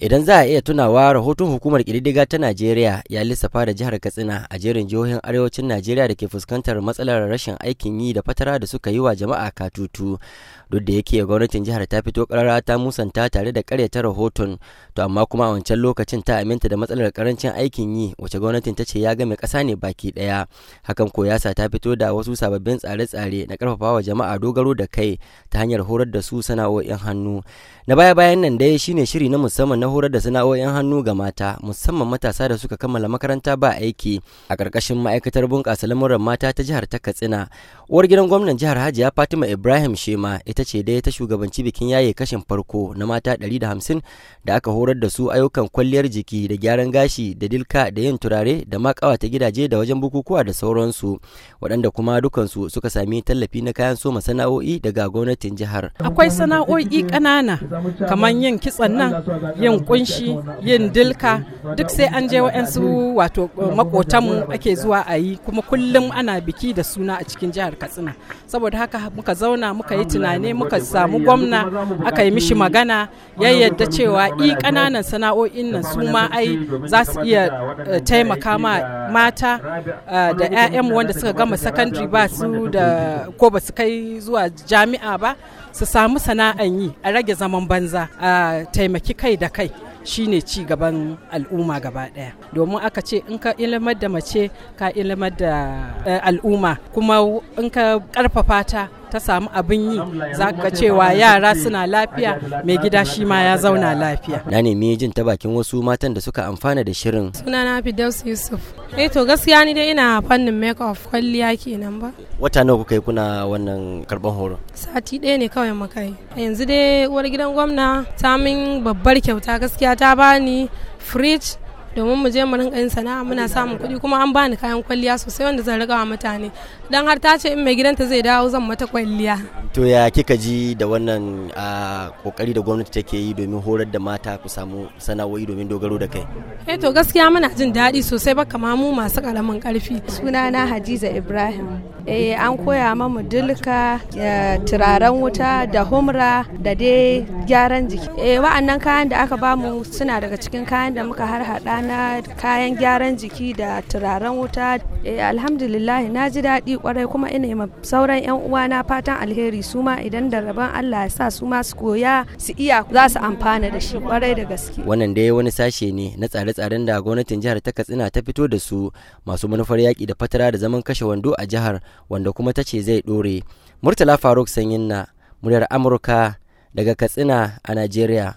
idan za a iya tunawa rahoton hukumar ƙididdiga ta najeriya ya lissafa da jihar katsina a jerin jihohin arewacin najeriya da ke fuskantar matsalar rashin aikin yi da fatara da suka yi wa jama'a katutu duk da yake gwamnatin jihar ta fito karara ta musanta tare da karyata rahoton to amma kuma a wancan lokacin ta aminta da matsalar karancin aikin yi wacce gwamnatin ta ce ya game ƙasa ne baki ɗaya hakan ko yasa ta fito da wasu sababbin tsare-tsare na karfafawa jama'a dogaro da kai ta hanyar horar da su sana'o'in hannu na baya-bayan nan dai shine shiri na musamman na horar da sana'o'in hannu ga mata musamman matasa da suka kammala makaranta ba aiki a ƙarƙashin ma'aikatar bunƙasa lamuran mata ta jihar ta katsina uwar gidan gwamnan jihar hajiya fatima ibrahim shema ita ce dai ta shugabanci bikin yaye kashin farko na mata 150 da hamsin da aka horar da su ayyukan kwalliyar jiki da gyaran gashi da dilka da yin turare da ma ta gidaje da wajen bukukuwa da sauransu waɗanda kuma dukansu suka sami tallafi na kayan soma sana'o'i daga gwamnatin jihar akwai sana'o'i ƙanana kamar yin kitsan nan yin yin kunshi yin dilka duk sai an je wa'yansu wato eh, makotanmu ake zuwa a yi kuma kullum ana biki da suna a cikin jihar katsina saboda haka muka zauna muka yi tunani muka samu gwamna aka yi mishi magana ya yadda cewa i ƙananan sana'o'in nan su ma ai za su iya eh, taimaka ma Uh, mata da ya'yan wanda suka gama sakandare ba su da ko ba su kai zuwa jami'a ba su samu sana'an yi a rage zaman banza a taimaki kai da kai shine ci gaban al'umma gaba daya domin aka ce in ka ilimar da mace ka ilimar da eh, al'umma kuma in ka karfafa ta ta samu abin yi za ka cewa yara suna lafiya mai gida shi ma ya zauna lafiya. Na nemi jin ta bakin wasu matan da suka amfana da shirin. suna Sunana Fidaus Yusuf. Eh to gaskiya ni dai ina fannin make up kwalliya kenan ba. Wata nawa kuka yi kuna wannan karban horo? Sati ɗaya ne kawai muka yi. Yanzu dai uwar gidan gwamna ta min babbar kyauta gaskiya ta bani fridge domin mu je mu rinka yin sana'a muna samun kuɗi kuma an bani kayan kwalliya sosai wanda zan riga mutane dan har ta ce in mai gidanta zai dawo zan mata kwalliya to ya kika ji da wannan kokari da gwamnati take yi domin horar da mata ku samu sana'o'i domin dogaro da kai eh to gaskiya muna jin daɗi sosai ba kama mu masu ƙaramin ƙarfi sunana hadiza ibrahim eh an koya mamu dulka turaren wuta da humra da dai gyaran jiki eh wa'annan kayan da aka bamu suna daga cikin kayan da muka har hada na kayan gyaran jiki da turaren wuta eh alhamdulillah na ji daɗi kwarai kuma ina sauran yan uwana fatan alheri su ma idan da rabon Allah ya sa su ma su koya su iya za su amfana da shi kwarai da gaske wannan dai wani sashe ne na tsare-tsaren da gwamnatin jihar ta Katsina ta fito da su masu manufar yaki da fatara da zaman kashe wando a jihar wanda kuma ta ce zai ɗore Murtala Faruk Sanyin na muryar Amurka daga Katsina a Najeriya